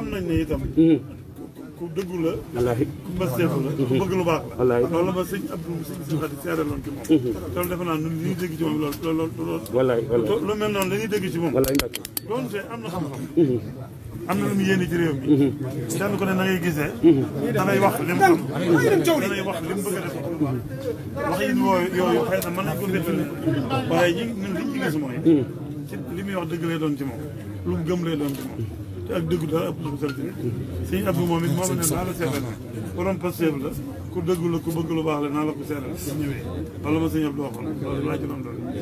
xam nañ ne itam ku dëggu la. wallaahi ku mbësteefu la. ku bëgg lu baax la. wallaahi loolu la ma sëñ Abdou sëñ si xarit seereeloon ci moom. Mhm. loolu defe naa ñun li ñu dégg ci moom loolu loolu loolu. wallaahi wallaahi lu mel noonu la ñuy dégg ci moom. wallaahi ndax doonte am na xam-xam. Mhm. am na lu mu yéene ci réew mi. Mhm. kenn ku ne na ngay gisee. da ngay wax li mu am. da ngay wax li mu bëgg a def. wax yi yooyu xëy na mën nañu ko nettali waaye ñi ñun liñ ci gis mooy. ci li muy wax dëgg lay doon ci moom lu mu gëm lay doon ci moom te ak dëggu daal ëpp na ko sant bi sëñ Abdou moom it moom ne naa la seetal borom Pastef la ku dëggu la ku bëgg lu baax la naa la ko seetal ñëwee wala ma sëñ Abdou waxoon loolu laa ci doon doon bokk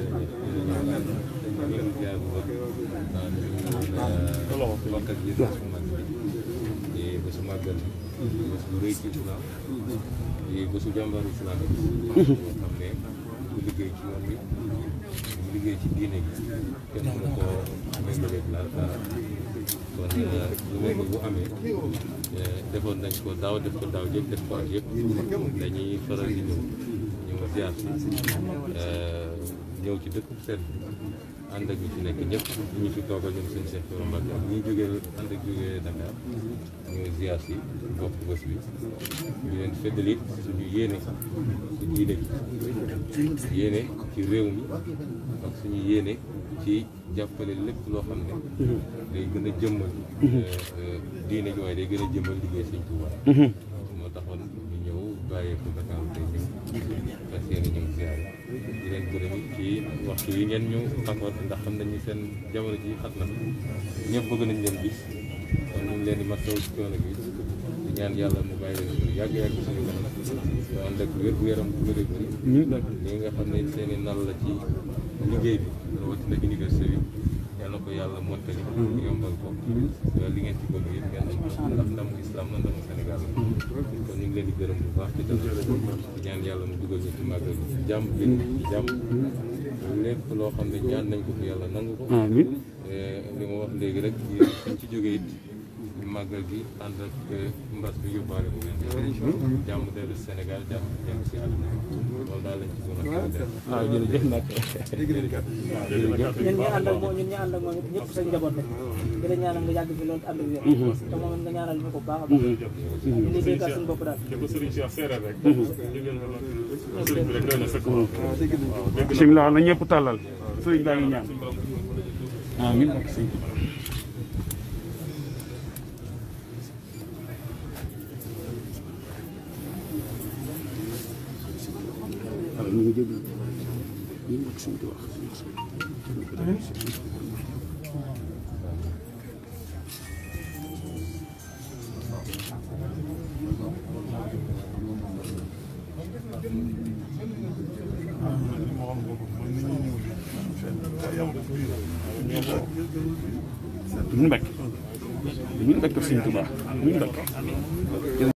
ak mu liggéey ci yoon bi mu liggéey ci diine gi kenn mënu ko méngaleeg la kon euh, euh, nañ ko daaw def ko daaw yëpp def ko ak yëpp dañuy faral di ñëw ñu euh, ma ñëw ci dëkk bu sell ànd ak ñi ci nekk ñëpp ñu ci toog ak ñoom seen Cheikh Thioro Mbacké ak ñi jógee ànd ak jógee Dakar ñooy ziar si bokk bés bi ñu leen feddali suñu yéene ci diine bi yéene ci réew mi ak suñu yéene ci jàppale lépp loo xam ne day gën a jëmmal mhm. euh, euh, diine ji waaye day gën a jëmmal liggéey Sëñ Tuubaa mhm. bàyyeeku Dakar tey ñëw fas yéene ñëw ziyaare di leen gërëm ci waxtu yi ngeen ñu xamoon ndax xam nañu seen jamono ji xat na ñëpp bëgg nañ leen gis kon ñu ngi leen di masaw ci coono bi ñaan yàlla mu bàyyi yàgg yàgg suñu kanam ñu ànd ak wér gu yaram bu bëri bëri ñi nga xam ne seeni i nal la ci liggéey bi rawatina université bi ko yàlla mottali mm-hmm. yombal ko mm-hmm. li ngeen ci bëgg yëpp ngeen am ko ndax ndamu islam la ndamu Sénégal la mm-hmm. kon ñu ngi leen di gërëm bu baax te tamit ñaan yàlla mu dugal ñu ci màggal gi jàmm bi jàmm lépp loo xam ne ñaan nañ ko fi yàlla nanga ko eh, li ma wax léegi rek ci jógee it màggal gi ànd ak mbas bi yóbbaale ko jàmm dellu Sénégal jàmm jàmm si àdduna loolu daal lañ ci gën a def waaw jërëjëf nag ñun ñu ànd ak moom ñun ñu ànd ak moom ñëpp sa njaboot la di la ñaanal nga yàgg fi loolu ànd ak wér te moom nga ñaanal ñu ko baax a baax ñu dénkaat suñu bopp daal bisimilah na ñëpp tàllal sëriñ baa ngi ñaan amiin ñu ngi déglu ñu ngi suñu di wax ñu mbekk ñu mbekk Sëriñ Tuubaa ñu mbekk